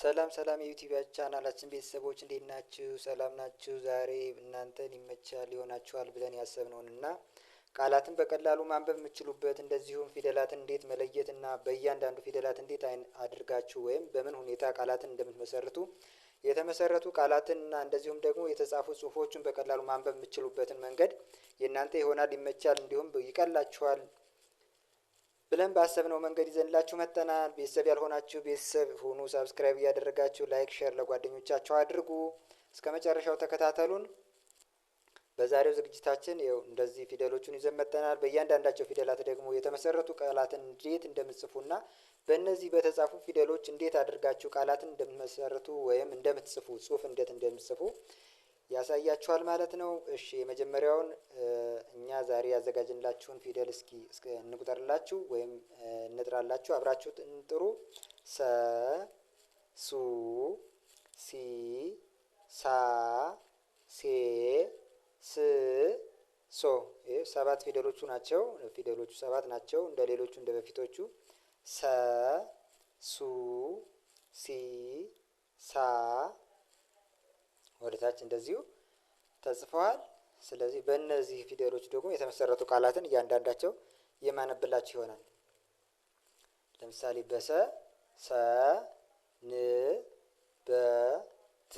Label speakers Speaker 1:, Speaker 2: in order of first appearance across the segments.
Speaker 1: ሰላም ሰላም የዩቲዩብ ቻናላችን ቤተሰቦች እንዴት ናችሁ? ሰላም ናችሁ? ዛሬ እናንተን ይመቻል ይሆናችኋል ብለን ያሰብነውን እና ቃላትን በቀላሉ ማንበብ የምችሉበት እንደዚሁም ፊደላትን እንዴት መለየት እና በእያንዳንዱ ፊደላት እንዴት አድርጋችሁ ወይም በምን ሁኔታ ቃላትን እንደምትመሰርቱ የተመሰረቱ ቃላትን እና እንደዚሁም ደግሞ የተጻፉ ጽሁፎችን በቀላሉ ማንበብ የምችሉበትን መንገድ የእናንተ ይሆናል፣ ይመቻል፣ እንዲሁም ይቀላችኋል ብለን ባሰብነው መንገድ ይዘንላችሁ መጥተናል። ቤተሰብ ያልሆናችሁ ቤተሰብ ሁኑ። ሳብስክራይብ እያደረጋችሁ ላይክ፣ ሼር ለጓደኞቻችሁ አድርጉ። እስከ መጨረሻው ተከታተሉን። በዛሬው ዝግጅታችን ይኸው እንደዚህ ፊደሎቹን ይዘን መጥተናል። በእያንዳንዳቸው ፊደላት ደግሞ የተመሰረቱ ቃላትን እንዴት እንደምትጽፉና በእነዚህ በተጻፉ ፊደሎች እንዴት አድርጋችሁ ቃላትን እንደምትመሰርቱ ወይም እንደምትጽፉ ጽሁፍ እንዴት እንደምትጽፉ ያሳያችኋል ማለት ነው። እሺ የመጀመሪያውን እኛ ዛሬ ያዘጋጅንላችሁን ፊደል እስኪ እንቁጠርላችሁ ወይም እንጥራላችሁ። አብራችሁ እንጥሩ። ሰ ሱ ሲ ሳ ሴ ስ ሶ ሰባት ፊደሎቹ ናቸው። ፊደሎቹ ሰባት ናቸው። እንደ ሌሎቹ እንደ በፊቶቹ ሰ ሱ ሲ ሳ ወደታች እንደዚሁ ተጽፈዋል። ስለዚህ በእነዚህ ፊደሎች ደግሞ የተመሰረቱ ቃላትን እያንዳንዳቸው የማነብላችሁ ይሆናል። ለምሳሌ በሰ፣ ሰ፣ ን፣ በት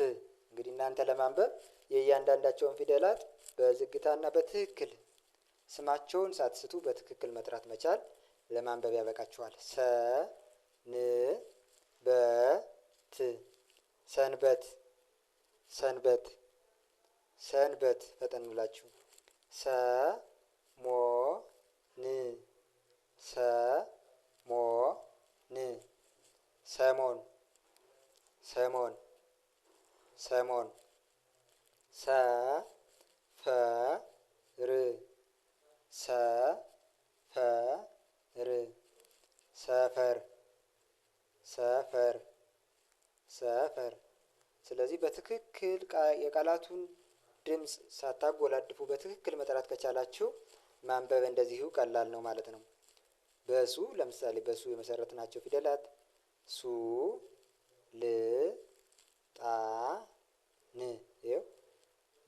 Speaker 1: እንግዲህ እናንተ ለማንበብ የእያንዳንዳቸውን ፊደላት በዝግታና በትክክል ስማቸውን ሳትስቱ በትክክል መጥራት መቻል ለማንበብ ያበቃችኋል። ሰ፣ ን፣ በት ሰንበት ሰንበት ሰንበት ፈጠን ብላችሁ ሰ ሞ ን ሰ ሞ ን ሰሞን ሰሞን ሰሞን ሰ ፈ ር ሰ ፈ ር ሰፈር ሰፈር ሰፈር ስለዚህ በትክክል የቃላቱን ድምፅ ሳታጎላድፉ በትክክል መጥራት ከቻላችሁ ማንበብ እንደዚሁ ቀላል ነው ማለት ነው። በሱ ለምሳሌ በሱ የመሰረት ናቸው ፊደላት ሱ ል ጣ ን ይኸው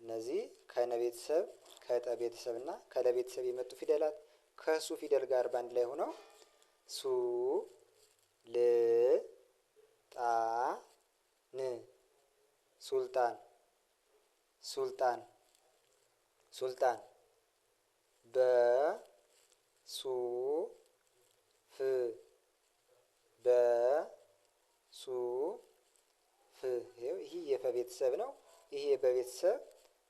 Speaker 1: እነዚህ ከነ ቤተሰብ ከጠ ቤተሰብ እና ከለ ቤተሰብ የመጡ ፊደላት ከሱ ፊደል ጋር በአንድ ላይ ሆነው ሱ ል ጣ ን ሱልጣን ሱልጣን ሱልጣን በ ሱ ፍ በ ሱ ፍ ይህ የፈ ቤተሰብ ነው። ይህ የበ ቤተሰብ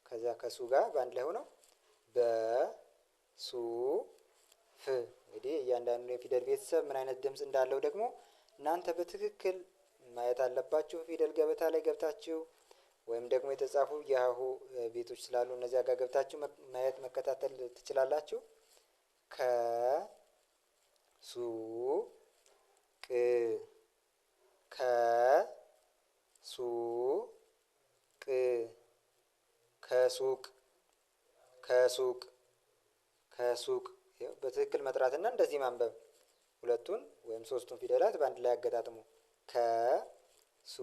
Speaker 1: ከዛ ከሱ ጋር በአንድ ላይ ሆነው በ ሱ ፍ እንግዲህ እያንዳንዱ የፊደል ቤተሰብ ምን አይነት ድምፅ እንዳለው ደግሞ እናንተ በትክክል ማየት አለባችሁ። ፊደል ገበታ ላይ ገብታችሁ ወይም ደግሞ የተጻፉ የሀሁ ቤቶች ስላሉ እነዚያ ጋር ገብታችሁ ማየት መከታተል ትችላላችሁ። ከ ሱ ቅ ከ ሱ ቅ ከሱቅ ከሱቅ ከሱቅ በትክክል መጥራትና እንደዚህ ማንበብ ሁለቱን ወይም ሶስቱን ፊደላት በአንድ ላይ ያገጣጥሙ ከ ሱ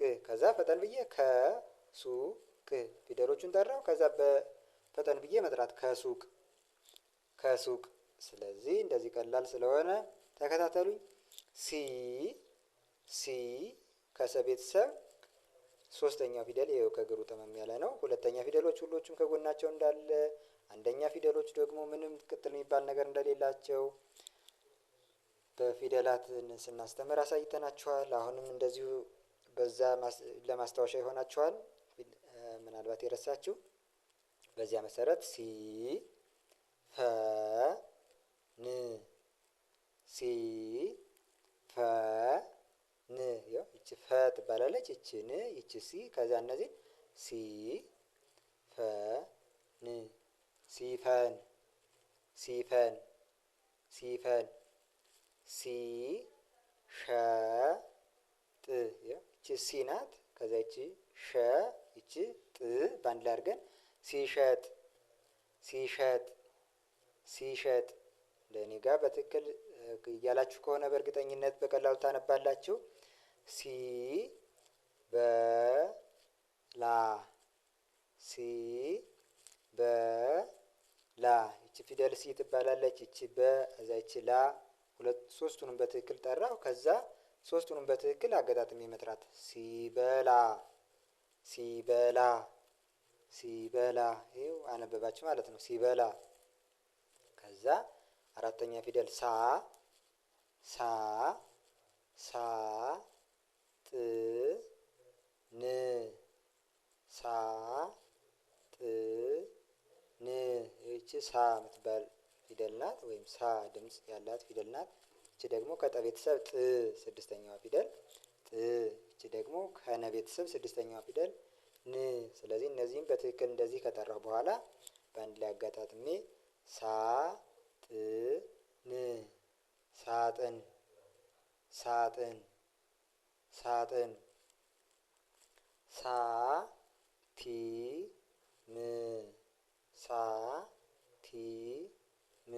Speaker 1: ክ ከዛ ፈጠን ብዬ ከሱቅ ፊደሎቹን ጠራው። ከዛ በፈጠን ብዬ መጥራት ከሱቅ ከሱቅ። ስለዚህ እንደዚህ ቀላል ስለሆነ ተከታተሉኝ። ሲ ሲ ከሰ ቤተሰብ ሶስተኛው ፊደል ይኸው ከእግሩ ጠመም ያለ ነው። ሁለተኛ ፊደሎች ሁሎቹም ከጎናቸው እንዳለ፣ አንደኛ ፊደሎች ደግሞ ምንም ቅጥል የሚባል ነገር እንደሌላቸው በፊደላት ስናስተምር አሳይተናችኋል። አሁንም እንደዚሁ በዛ ለማስታወሻ ይሆናችኋል። ምናልባት የረሳችሁ በዚያ መሰረት ሲ ፈ ን ሲ ፈ ን ይቺ ፈ ትባላለች። ይቺ ን ይቺ ሲ ከዛ እነዚህ ሲ ፈ ን ሲፈን ሲፈን ሲፈን ሲ ሸጥ እቺ ሲ ናት። ከዛ እቺ ሸ እቺ ጥ ባንድ ላይ አድርገን ሲሸጥ ሲሸጥ ሲሸጥ ለእኔ ጋር በትክክል እያላችሁ ከሆነ በእርግጠኝነት በቀላሉ ታነባላችሁ። ሲ በ ላ ሲ በ ላ ይቺ ፊደል ሲ ትባላለች። ይቺ በ እዛ ይቺ ላ ሁለት ሶስቱንም በትክክል ጠራው ከዛ ሶስቱንም በትክክል አገጣጥሜ መጥራት ሲበላ ሲበላ ሲበላ ይኸው አነበባችሁ ማለት ነው። ሲበላ ከዛ አራተኛ ፊደል ሳ ሳ ሳ ጥ ን ሳ ጥ ን ይቺ ሳ የምትባል ፊደል ናት፣ ወይም ሳ ድምፅ ያላት ፊደል ናት። እቺ ደግሞ ከጠ ቤተሰብ ጥ ስድስተኛዋ ፊደል ጥ። እቺ ደግሞ ከነ ቤተሰብ ስድስተኛዋ ፊደል ን። ስለዚህ እነዚህም በትክክል እንደዚህ ከጠራሁ በኋላ በአንድ ላይ አጋጣጥሜ ሳ ጥ ን ሳጥን ሳጥን ሳጥን ሳ ቲ ም ሳ ቲ ም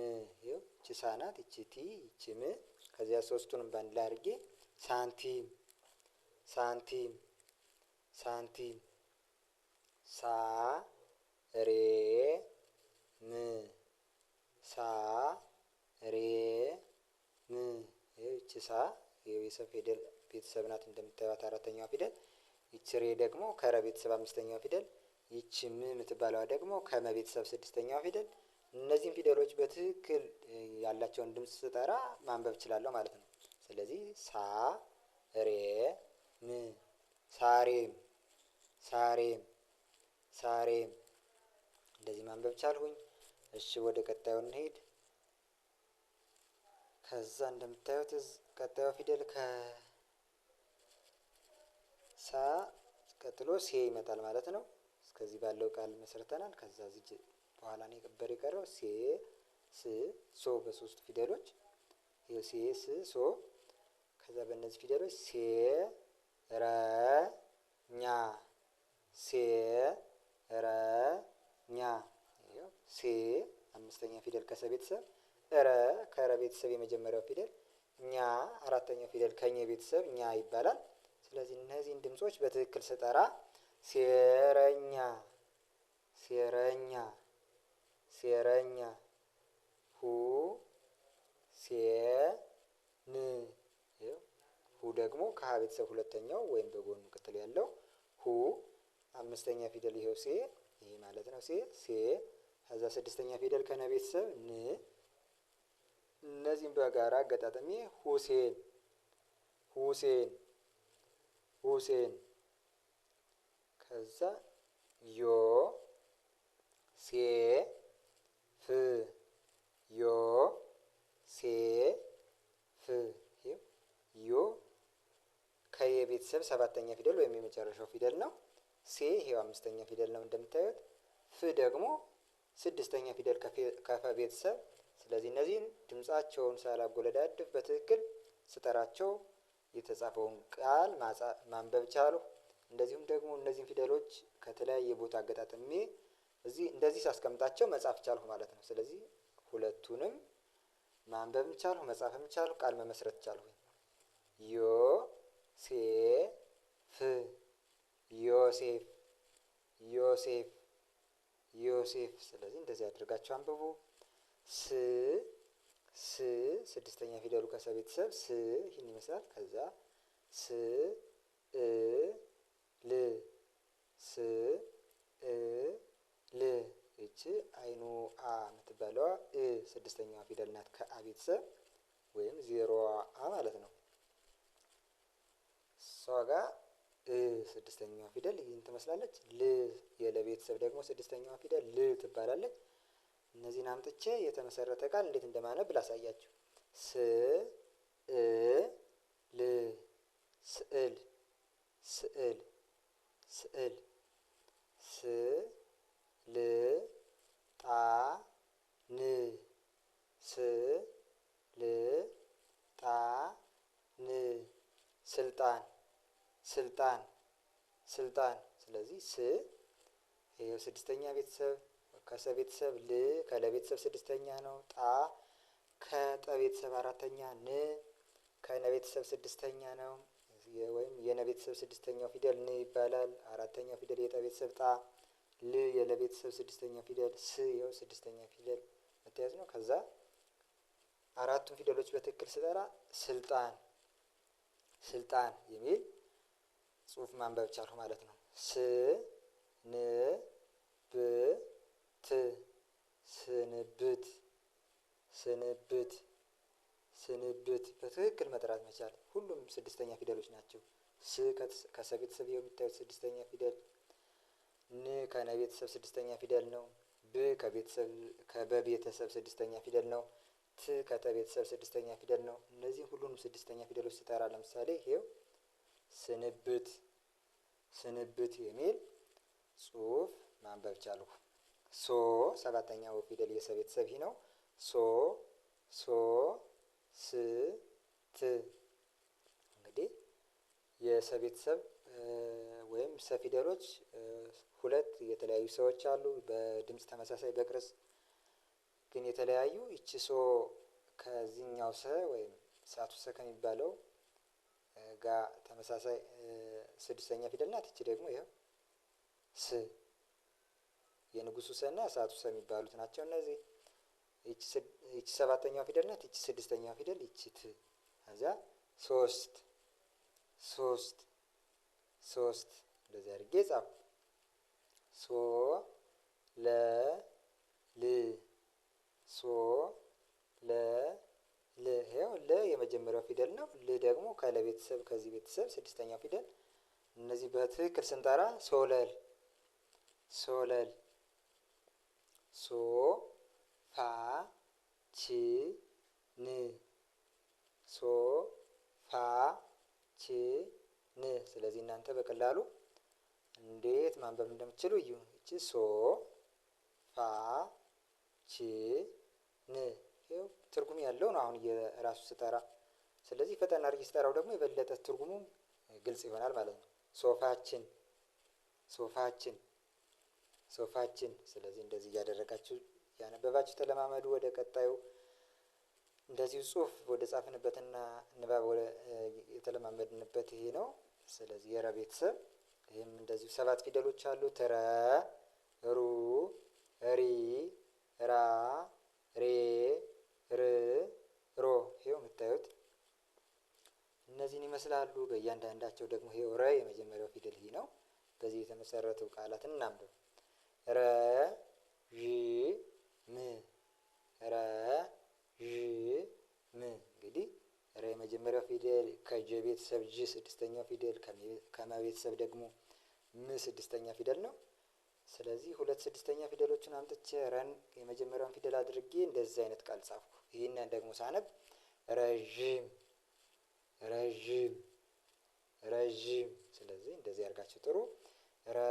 Speaker 1: ይቺ ሳናት ይቺ ቲ ይቺ ም ከዚያ ሶስቱንም በአንድ ላይ አድርጌ ሳንቲም ሳንቲም ሳንቲም ሳ ሬ ም ሳ ሬ ም ይቺ ሳ የቤተሰብ ፊደል ቤተሰብ ናት እንደምታዩት አራተኛዋ ፊደል። ይቺ ሬ ደግሞ ከረ ቤተሰብ አምስተኛዋ ፊደል። ይቺ ም የምትባለዋ ደግሞ ከመ ቤተሰብ ስድስተኛዋ ፊደል። እነዚህም ፊደሎች በትክክል ያላቸውን ድምፅ ስጠራ ማንበብ እችላለሁ ማለት ነው። ስለዚህ ሳ ሬ ም ሳሬም ሳሬም ሳሬም እንደዚህ ማንበብ ቻልሁኝ። እሺ ወደ ቀጣዩ እንሄድ። ከዛ እንደምታዩት ቀጣዩ ፊደል ከ ሳ ቀጥሎ ሴ ይመጣል ማለት ነው። እስከዚህ ባለው ቃል መስርተናል። ከዛ በኋላ ነው የቀበር የቀረው ሴ ስ ሶ በሶስቱ ፊደሎች ሴ ስ ሶ ከዛ በእነዚህ ፊደሎች ሴ ረ ኛ ሴ ረ ኛ ሴ አምስተኛ ፊደል ከሰ ቤተሰብ ረ ከረ ቤተሰብ የመጀመሪያው ፊደል ኛ አራተኛው ፊደል ከኘ ቤተሰብ ኛ ይባላል። ስለዚህ እነዚህን ድምጾች በትክክል ስጠራ ሴረኛ ሴረኛ ሴረኛ ሁ ሴ ሁ ደግሞ ከሀ ቤተሰብ ሁለተኛው ወይም በጎኑ ቅጥል ያለው ሁ አምስተኛ ፊደል ይኸው ሴ ይሄ ማለት ነው። ሴ ሴ ከዛ ስድስተኛ ፊደል ከነ ቤተሰብ ን እነዚህም በጋራ አገጣጠሜ ሁሴን ሁሴን ሁሴን ከዛ ዮ ሴ ፍ ዮ ሴ ፍ ዮ ከየቤተሰብ ሰባተኛ ፊደል ወይም የመጨረሻው ፊደል ነው። ሴ ይሄው አምስተኛ ፊደል ነው እንደምታዩት። ፍ ደግሞ ስድስተኛ ፊደል ከፈ ቤተሰብ። ስለዚህ እነዚህን ድምፃቸውን ሳላጎለዳድፍ በትክክል ስጠራቸው የተጻፈውን ቃል ማንበብ ቻሉ። እንደዚሁም ደግሞ እነዚህን ፊደሎች ከተለያየ ቦታ አገጣጥሜ እዚህ እንደዚህ ሳስቀምጣቸው መጻፍ ቻልሁ ማለት ነው። ስለዚህ ሁለቱንም ማንበብም ቻልሁ፣ መጻፍም ቻልሁ፣ ቃል መመስረት ቻልሁ። ዮ ሴ ፍ ዮሴፍ ዮሴፍ ዮሴፍ። ስለዚህ እንደዚህ አድርጋችሁ አንብቡ። ስ ስ ስድስተኛ ፊደሉ ከሰ ቤተሰብ ስ ይህን ይመስላል። ከዛ ስ እ ል ስ እ ል ይቺ ስድስተኛዋ ፊደል ናት። ከአ ቤተሰብ ወይም ዜሮ አ ማለት ነው። እሷ ጋ እ ስድስተኛዋ ፊደል ይህን ትመስላለች። ል የለ ቤተሰብ ደግሞ ስድስተኛዋ ፊደል ል ትባላለች። እነዚህን አምጥቼ የተመሰረተ ቃል እንዴት እንደማነብ ላሳያችሁ። ስ እ ል ስዕል ስዕል ስዕል ስ ል ጣ ን ስ ል ጣ ን ስልጣን ስልጣን ስልጣን ስለዚህ ስ ይኸው ስድስተኛ ቤተሰብ ከሰ ቤተሰብ ል ከለ ቤተሰብ ስድስተኛ ነው። ጣ ከጠ ቤተሰብ አራተኛ ን ከነ ቤተሰብ ስድስተኛ ነው። ወይም የነ ቤተሰብ ስድስተኛው ፊደል ን ይባላል። አራተኛው ፊደል የጠ ቤተሰብ ጣ ል የለ ቤተሰብ ስድስተኛው ፊደል ስ ይኸው ስድስተኛ ፊደል መተያዝ ነው ከዛ አራቱን ፊደሎች በትክክል ስጠራ ስልጣን ስልጣን የሚል ጽሁፍ ማንበብ ቻልሁ ማለት ነው። ስ ን ብ ት ስንብት ስንብት ስንብት በትክክል መጥራት መቻል። ሁሉም ስድስተኛ ፊደሎች ናቸው። ስ ከሰቤተሰብ የምታዩት ስድስተኛ ፊደል፣ ን ከነቤተሰብ ስድስተኛ ፊደል ነው። ብ ከቤተሰብ ከበቤተሰብ ስድስተኛ ፊደል ነው። ት ቤተሰብ ስድስተኛ ፊደል ነው። እነዚህ ሁሉንም ስድስተኛ ፊደሎች ስጠራ ለምሳሌ ይሄው ስንብት ስንብት የሚል ጽሁፍ ማንበብ ቻልኩ። ሶ ሰባተኛው ፊደል የሰ ቤተሰብ ይህ ነው። ሶ ሶ ስ ት እንግዲህ የሰ ቤተሰብ ወይም ሰ ፊደሎች ሁለት የተለያዩ ሰዎች አሉ። በድምፅ ተመሳሳይ በቅርጽ ግን የተለያዩ ይች ሶ ከዚህኛው ሰ ወይም ሳቱ ሰ ከሚባለው ጋ ተመሳሳይ ስድስተኛ ፊደል ናት። ይቺ ደግሞ ይኸው ስ የንጉሱ ሰ እና ሳቱ ሰ የሚባሉት ናቸው። እነዚህ ይቺ ሰባተኛው ፊደል ናት። ይቺ ስድስተኛው ፊደል ይቺ ት ከዚያ ሶስት ሶስት ሶስት እንደዚህ አድርጌ ጻፉ ሶ ለ ል ሶ ለ ል ይኸው ለ የመጀመሪያው ፊደል ነው። ል ደግሞ ከለ ቤተሰብ ከዚህ ቤተሰብ ስድስተኛው ፊደል። እነዚህ በትክክል ስንጠራ ሶለል ሶለል ሶ ፋ ቺ ን ሶ ፋ ቺ ን። ስለዚህ እናንተ በቀላሉ እንዴት ማንበብ እንደምትችሉ እዩ። እቺ ሶ ፋ ቺ ን ይኸው ትርጉም ያለው ነው አሁን የራሱ ስጠራ። ስለዚህ ፈጠን አድርጌ ስጠራው ደግሞ የበለጠ ትርጉሙ ግልጽ ይሆናል ማለት ነው። ሶፋችን ሶፋችን ሶፋችን። ስለዚህ እንደዚህ እያደረጋችሁ ያነበባችሁ ተለማመዱ። ወደ ቀጣዩ እንደዚሁ ጽሁፍ ወደ ጻፍንበትና ንባብ የተለማመድንበት ይሄ ነው። ስለዚህ የረ ቤተሰብ ይህም እንደዚሁ ሰባት ፊደሎች አሉ። ትረ ሩ ሪ ራ ሬ ር ሮ የምታዩት እነዚህን ይመስላሉ። በእያንዳንዳቸው ደግሞ ይኸው ረ የመጀመሪያው ፊደል ይህ ነው። በዚህ የተመሰረቱ ቃላት እናንብብ። ረ ዥ ም ረ ዥ ም እንግዲህ ረ የመጀመሪያው ፊደል ከጀ ቤተሰብ ጅ ስድስተኛው ፊደል ከመ ቤተሰብ ደግሞ ም ስድስተኛ ፊደል ነው። ስለዚህ ሁለት ስድስተኛ ፊደሎችን አምጥቼ ረን የመጀመሪያውን ፊደል አድርጌ እንደዚህ አይነት ቃል ጻፍኩ። ይህንን ደግሞ ሳነብ ረዥም ረዥም ረዥም። ስለዚህ እንደዚህ ያርጋችሁ ጥሩ ረ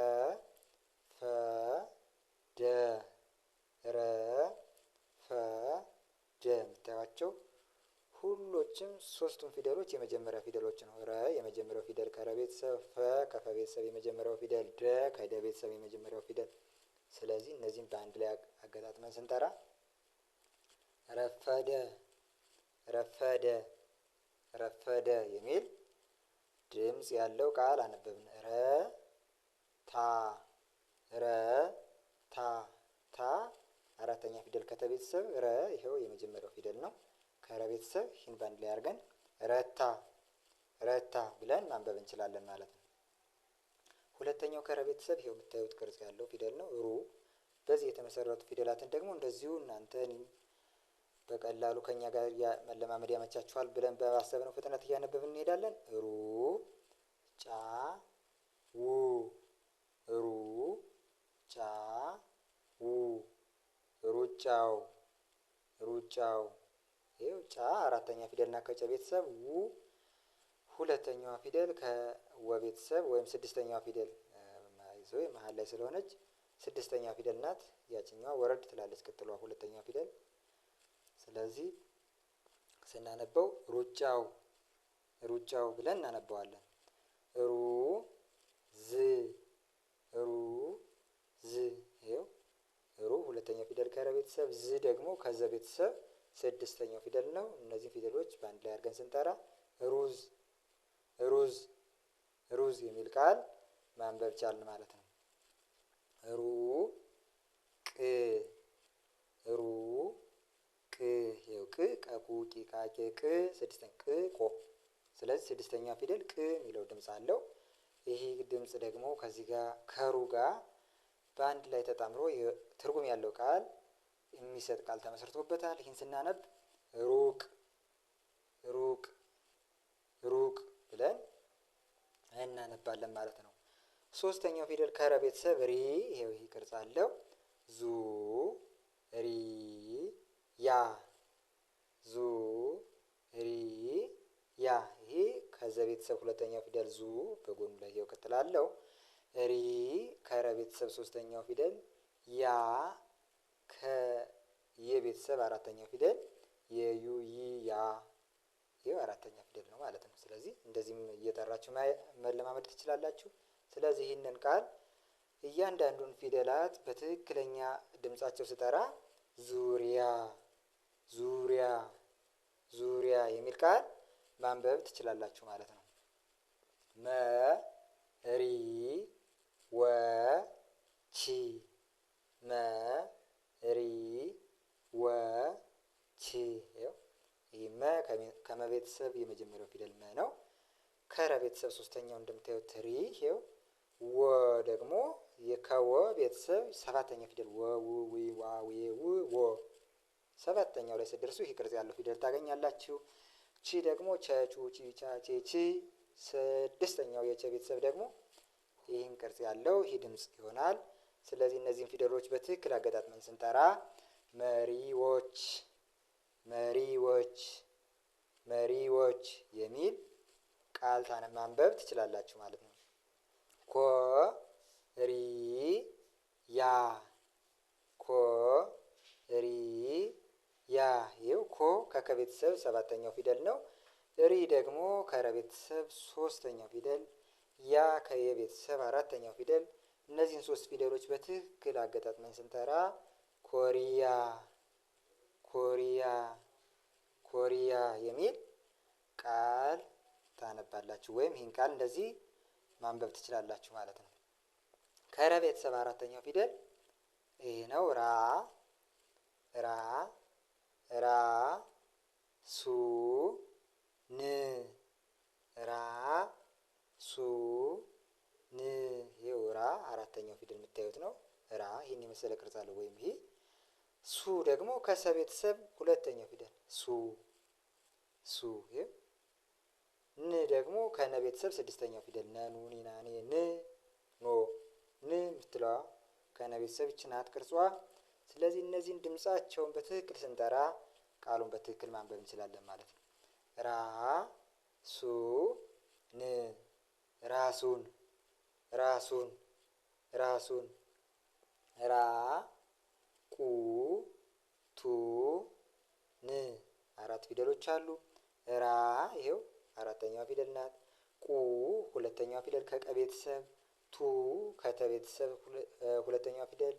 Speaker 1: ፈ ደ ረ ፈ ደ የምታዩቸው ሁሎችም ሶስቱም ፊደሎች የመጀመሪያ ፊደሎች ነው። ረ የመጀመሪያው ፊደል ከረ ቤተሰብ፣ ፈ ከፈ ቤተሰብ የመጀመሪያው ፊደል፣ ደ ከደ ቤተሰብ የመጀመሪያው ፊደል። ስለዚህ እነዚህም በአንድ ላይ አገጣጥመን ስንጠራ ረፈደ፣ ረፈደ፣ ረፈደ የሚል ድምፅ ያለው ቃል አነበብን። ረ ታ፣ ረ ታ፣ ታ አራተኛ ፊደል ከተ ቤተሰብ፣ ረ ይኸው የመጀመሪያው ፊደል ነው። ከረቤተሰብ ይህን በአንድ ላይ አድርገን ረታ ረታ ብለን ማንበብ እንችላለን ማለት ነው። ሁለተኛው ከረቤተሰብ ይሄው የምታዩት ቅርጽ ያለው ፊደል ነው ሩ። በዚህ የተመሰረቱ ፊደላትን ደግሞ እንደዚሁ እናንተን በቀላሉ ከኛ ጋር መለማመድ ያመቻችኋል ብለን ነው ፍጥነት እያነበብን እንሄዳለን። ሩ ጫ ው ሩ ጫ ው ሩጫው ሩጫው ይኸው ጫ አራተኛ ፊደል ናት ከጨ ቤተሰብ ው ሁለተኛዋ ፊደል ከወ ቤተሰብ ወይም ስድስተኛዋ ፊደል ይዞ መሀል ላይ ስለሆነች ስድስተኛ ፊደል ናት። ያችኛዋ ወረድ ትላለች ቅጥሏ ሁለተኛ ፊደል። ስለዚህ ስናነበው ሩጫው ሩጫው ብለን እናነበዋለን። ሩ ዝ ሩ ዝ ይኸው ሩ ሁለተኛ ፊደል ከረ ቤተሰብ ዝ ደግሞ ከዘ ቤተሰብ ስድስተኛው ፊደል ነው። እነዚህ ፊደሎች በአንድ ላይ አድርገን ስንጠራ ሩዝ ሩዝ ሩዝ የሚል ቃል ማንበብ ቻልን ማለት ነው። ሩ ቅ ሩ ቅ ይኸው ቅ ቀቁ ቂቃ ቄቅ ስድስተኛ ቅ ቆ ስለዚህ ስድስተኛ ፊደል ቅ የሚለው ድምፅ አለው። ይህ ድምፅ ደግሞ ከዚህ ጋር ከሩ ጋር በአንድ ላይ ተጣምሮ ትርጉም ያለው ቃል የሚሰጥ ቃል ተመስርቶበታል። ይህን ስናነብ ሩቅ ሩቅ ሩቅ ብለን እናነባለን ማለት ነው። ሶስተኛው ፊደል ከረ ቤተሰብ ሪ፣ ይሄው ይህ ቅርጽ አለው። ዙ ሪ ያ ዙ ሪ ያ። ይሄ ከዘ ቤተሰብ ሁለተኛው ፊደል ዙ በጎኑ ላይ ይኸው ቀጥላለው። ሪ ከረ ቤተሰብ ሶስተኛው ፊደል ያ የቤተሰብ አራተኛው ፊደል የዩ ይ ያ ይህ አራተኛ ፊደል ነው ማለት ነው። ስለዚህ እንደዚህም እየጠራችሁ መለማመድ ትችላላችሁ። ስለዚህ ይህንን ቃል እያንዳንዱን ፊደላት በትክክለኛ ድምጻቸው ስጠራ ዙሪያ ዙሪያ ዙሪያ የሚል ቃል ማንበብ ትችላላችሁ ማለት ነው። መ ቤተሰብ የመጀመሪያው ፊደል መ ነው። ከረ ቤተሰብ ሶስተኛው እንደምታየው ትሪ ይሄው። ወ ደግሞ የከወ ቤተሰብ ሰባተኛው ፊደል ወ ው ዊ ዋ ዌ ው ወ ሰባተኛው ላይ ስትደርሱ ይሄ ቅርጽ ያለው ፊደል ታገኛላችሁ። ቺ ደግሞ ቸ ቹ ቺ ቻ ቼ ቺ ስድስተኛው የቸ ቤተሰብ ደግሞ ይህን ቅርጽ ያለው ይህ ድምጽ ይሆናል። ስለዚህ እነዚህን ፊደሎች በትክክል አገጣጥመን ስንጠራ መሪዎች መሪዎች መሪዎች የሚል ቃል ታነ ማንበብ ትችላላችሁ ማለት ነው። ኮ ሪ ያ ኮ ሪ ያ ይኸው ኮ ከከቤተሰብ ሰባተኛው ፊደል ነው። ሪ ደግሞ ከረቤተሰብ ሶስተኛው ፊደል፣ ያ ከየቤተሰብ አራተኛው ፊደል። እነዚህን ሶስት ፊደሎች በትክክል አገጣጥመን ስንጠራ ኮሪያ ኮሪያ ኮሪያ የሚል ቃል ታነባላችሁ ወይም ይህን ቃል እንደዚህ ማንበብ ትችላላችሁ ማለት ነው። ከረ ቤተሰብ አራተኛው ፊደል ይህ ነው። ራ ራ ራ ሱ ን ራ ሱ ን ይሄው ራ አራተኛው ፊደል የምታዩት ነው። ራ ይህን የመሰለ ቅርጽ አለው ወይም ይህ ሱ ደግሞ ከሰ ቤተሰብ ሁለተኛው ፊደል ሱ ሱ። ን ደግሞ ከነ ቤተሰብ ስድስተኛው ፊደል ነኑ ኒና ን ኖ ን የምትለዋ ከነ ቤተሰብ ችናት ቅርጿ። ስለዚህ እነዚህን ድምጻቸውን በትክክል ስንጠራ ቃሉን በትክክል ማንበብ እንችላለን ማለት ነው። ራ ሱ ን ራሱን ራሱን ራሱን ራ ቁ ቱ ን አራት ፊደሎች አሉ። ራ ይሄው አራተኛዋ ፊደል ናት። ቁ ሁለተኛዋ ፊደል ከቀ ቤተሰብ፣ ቱ ከተ ቤተሰብ ሁለተኛዋ ፊደል፣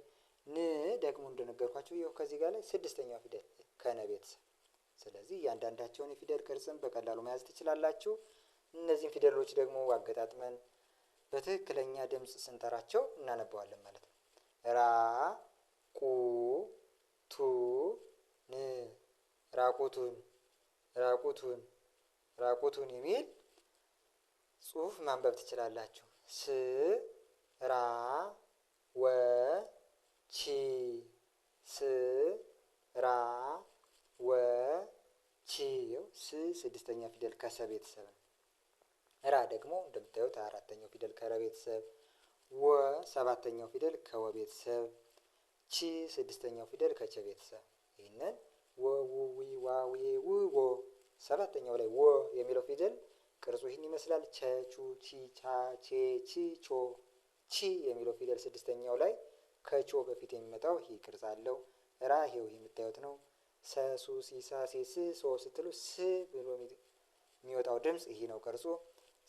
Speaker 1: ን ደግሞ እንደነገርኳቸው ይኸው ከዚህ ጋር ላይ ስድስተኛዋ ፊደል ከነ ቤተሰብ። ስለዚህ እያንዳንዳቸውን የፊደል ቅርጽን በቀላሉ መያዝ ትችላላችሁ። እነዚህን ፊደሎች ደግሞ አገጣጥመን በትክክለኛ ድምፅ ስንጠራቸው እናነበዋለን ማለት ነው። ራ ቁ ቱ ን ራቁቱን ራቁቱን ራቁቱን የሚል ጽሁፍ ማንበብ ትችላላችሁ። ስ ራ ወ ቺ ስ ራ ወ ቺ ስ ስድስተኛ ፊደል ከሰ ቤተሰብ ነው። ራ ደግሞ እንደምታዩት አራተኛው ፊደል ከረ ቤተሰብ፣ ወ ሰባተኛው ፊደል ከወ ቤተሰብ ቺ ስድስተኛው ፊደል ከቸ ቤተሰብ ይህንን ወውዊ ዋዌ ዎ ሰባተኛው ላይ ወ የሚለው ፊደል ቅርጹ ይህን ይመስላል። ቸ ቹ ቺ ቻ ቼ ቺ ቾ ቺ የሚለው ፊደል ስድስተኛው ላይ ከቾ በፊት የሚመጣው ይህ ቅርጽ አለው። ራ ይሄው የምታዩት ነው። ሰ ሱ ሲ ሳ ሴ ስ ሶ ስትሉ ስ ብሎ የሚወጣው ድምፅ ይህ ነው ቅርጹ።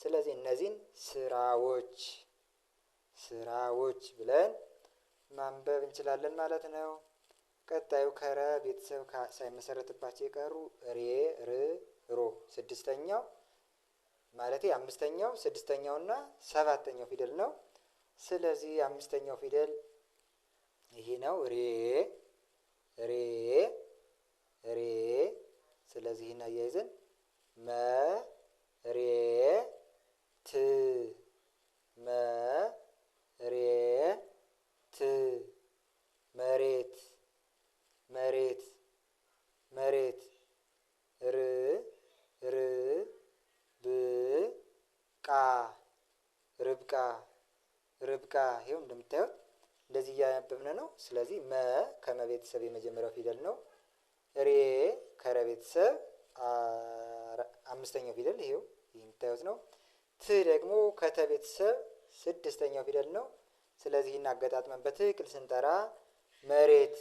Speaker 1: ስለዚህ እነዚህን ስራዎች ስራዎች ብለን ማንበብ እንችላለን ማለት ነው። ቀጣዩ ከረ ቤተሰብ ሳይመሰረትባቸው የቀሩ ሬ፣ ር፣ ሮ ስድስተኛው ማለት አምስተኛው ስድስተኛው እና ሰባተኛው ፊደል ነው። ስለዚህ አምስተኛው ፊደል ይህ ነው። ሬ ሬ ሬ ስለዚህ ይህን አያይዘን መ ሬ ት ነው። ስለዚህ መ ከመቤተሰብ የመጀመሪያው ፊደል ነው። ሬ ከረቤተሰብ አምስተኛው ፊደል ይሄው የምታዩት ነው። ት ደግሞ ከተቤተሰብ ስድስተኛው ፊደል ነው። ስለዚህ እናገጣጥመን በትክክል ስንጠራ መሬት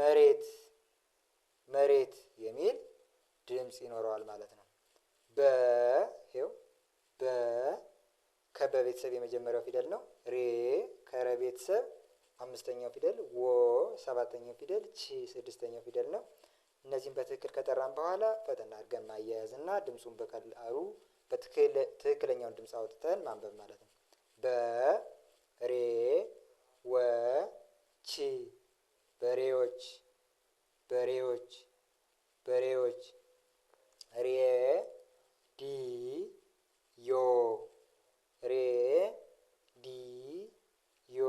Speaker 1: መሬት መሬት የሚል ድምፅ ይኖረዋል ማለት ነው። በ ይኸው በ ከበቤተሰብ የመጀመሪያው ፊደል ነው። ሬ ከረቤተሰብ አምስተኛው ፊደል ወ፣ ሰባተኛው ፊደል ቺ፣ ስድስተኛው ፊደል ነው። እነዚህም በትክክል ከጠራን በኋላ ፈጠን አድርገን ማያያዝ እና ድምፁን በቀላሉ ትክክለኛውን ድምፅ አውጥተን ማንበብ ማለት ነው። በ ሬ ወ ቺ በሬዎች በሬዎች በሬዎች ሬ ዲ ዮ ሬ ዲ ዮ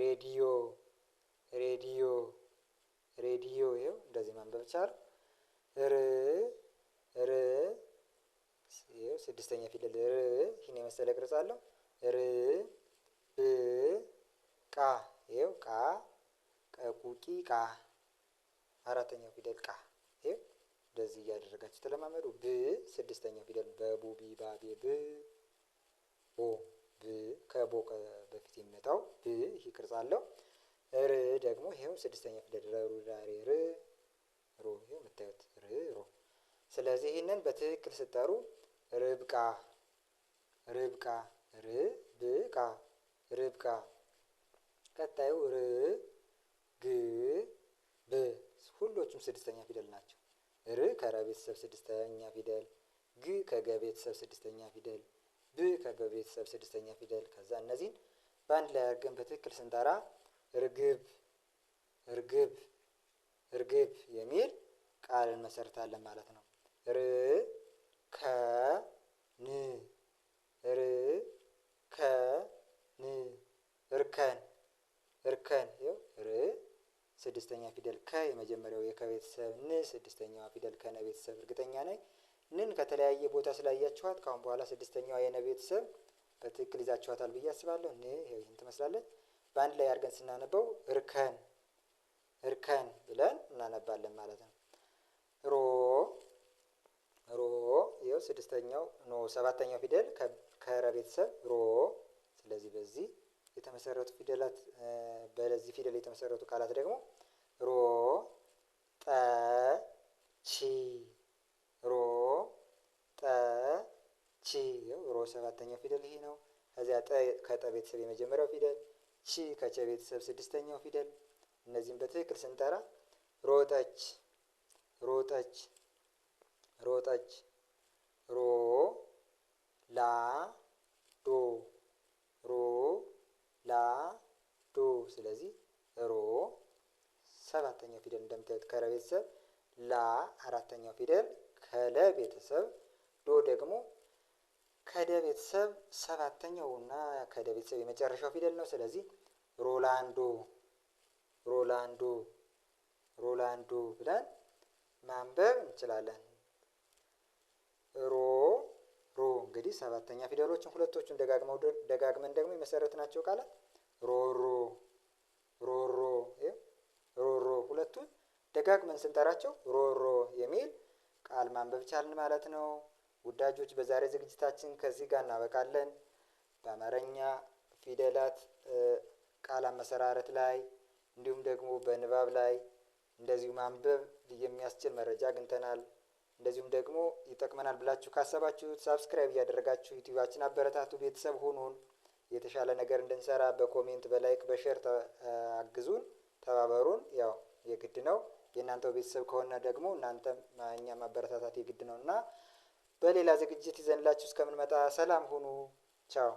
Speaker 1: ሬዲዮ ሬዲዮ ሬዲዮ ይኸው እንደዚህ ማንበብ ቻልኩ። ር ር ይኸው ስድስተኛ ፊደል ር ይህን የመሰለ ቅርጽ አለው። ር ብ ቃ ይኸው ቃ ቀቁቂ ቃ አራተኛው ፊደል ቃ ይኸው እንደዚህ እያደረጋችሁ ተለማመዱ። ብ ስድስተኛው ፊደል በቡ ቢ ባቤ ብ ቦ ከቦ በፊት የሚመጣው ብ ይህ ቅርጽ አለው። ር ደግሞ ይሄው ስድስተኛ ፊደል ረሩ ዳሬ ር ሮ የምታዩት ር ሮ። ስለዚህ ይህንን በትክክል ስጠሩ ርብቃ ርብቃ ር ብቃ ርብቃ። ቀጣዩ ር ግ ብ ሁሎቹም ስድስተኛ ፊደል ናቸው። ር ከረ ቤተሰብ ስድስተኛ ፊደል፣ ግ ከገ ቤተሰብ ስድስተኛ ፊደል ብ በቤተሰብ ስድስተኛ ፊደል ከዛ እነዚህን በአንድ ላይ አድርገን በትክክል ስንጠራ እርግብ እርግብ እርግብ የሚል ቃል እንመሰርታለን ማለት ነው። ር ከ ን ር ከ ን እርከን እርከን ር ስድስተኛ ፊደል ከ የመጀመሪያው የከቤተሰብ ን ስድስተኛዋ ፊደል ከነ ቤተሰብ እርግጠኛ ነኝ። ንን ከተለያየ ቦታ ስላያችኋት ካሁን በኋላ ስድስተኛዋ የነ ቤተሰብ በትክክል ይዛችኋታል ብዬ አስባለሁ። ን ይህን ትመስላለች። በአንድ ላይ አድርገን ስናነበው እርከን እርከን ብለን እናነባለን ማለት ነው። ሮ ሮ ይኸው ስድስተኛው ኖ ሰባተኛው ፊደል ከረ ቤተሰብ ሮ። ስለዚህ በዚህ የተመሰረቱ ፊደላት በለዚህ ፊደል የተመሰረቱ ቃላት ደግሞ ሮ ጠ ቺ ቺ ሮ ሰባተኛው ፊደል ይሄ ነው። ከዚያ ጠ ከጠ ቤተሰብ የመጀመሪያው ፊደል፣ ቺ ከቸ ቤተሰብ ስድስተኛው ፊደል። እነዚህም በትክክል ስንጠራ ሮጠች፣ ሮጠች፣ ሮጠች፣ ሮ ላ ዶ፣ ሮ ላ ዶ። ስለዚህ ሮ ሰባተኛው ፊደል እንደምታዩት ከረ ቤተሰብ፣ ላ አራተኛው ፊደል ከለ ቤተሰብ፣ ዶ ደግሞ ከደ ቤተሰብ ሰባተኛው እና ከደ ቤተሰብ የመጨረሻው ፊደል ነው። ስለዚህ ሮላንዶ ሮላንዶ ሮላንዶ ብለን ማንበብ እንችላለን። ሮ ሮ እንግዲህ ሰባተኛ ፊደሎችን ሁለቶቹን ደጋግመው ደጋግመን ደግሞ የመሰረት ናቸው ቃላት ሮሮ ሮሮ ሮሮ ሁለቱን ደጋግመን ስንጠራቸው ሮሮ የሚል ቃል ማንበብ ቻልን ማለት ነው። ወዳጆች በዛሬ ዝግጅታችን ከዚህ ጋር እናበቃለን። በአማርኛ ፊደላት ቃል አመሰራረት ላይ እንዲሁም ደግሞ በንባብ ላይ እንደዚሁ ማንበብ የሚያስችል መረጃ አግኝተናል። እንደዚሁም ደግሞ ይጠቅመናል ብላችሁ ካሰባችሁት ሳብስክራይብ እያደረጋችሁ ዩቲዩባችን አበረታቱ። ቤተሰብ ሆኑን የተሻለ ነገር እንድንሰራ በኮሜንት በላይክ በሼር አግዙን፣ ተባበሩን። ያው የግድ ነው። የእናንተው ቤተሰብ ከሆነ ደግሞ እናንተም እኛ ማበረታታት የግድ ነው እና በሌላ ዝግጅት ይዘንላችሁ እስከምንመጣ ሰላም ሁኑ። ቻው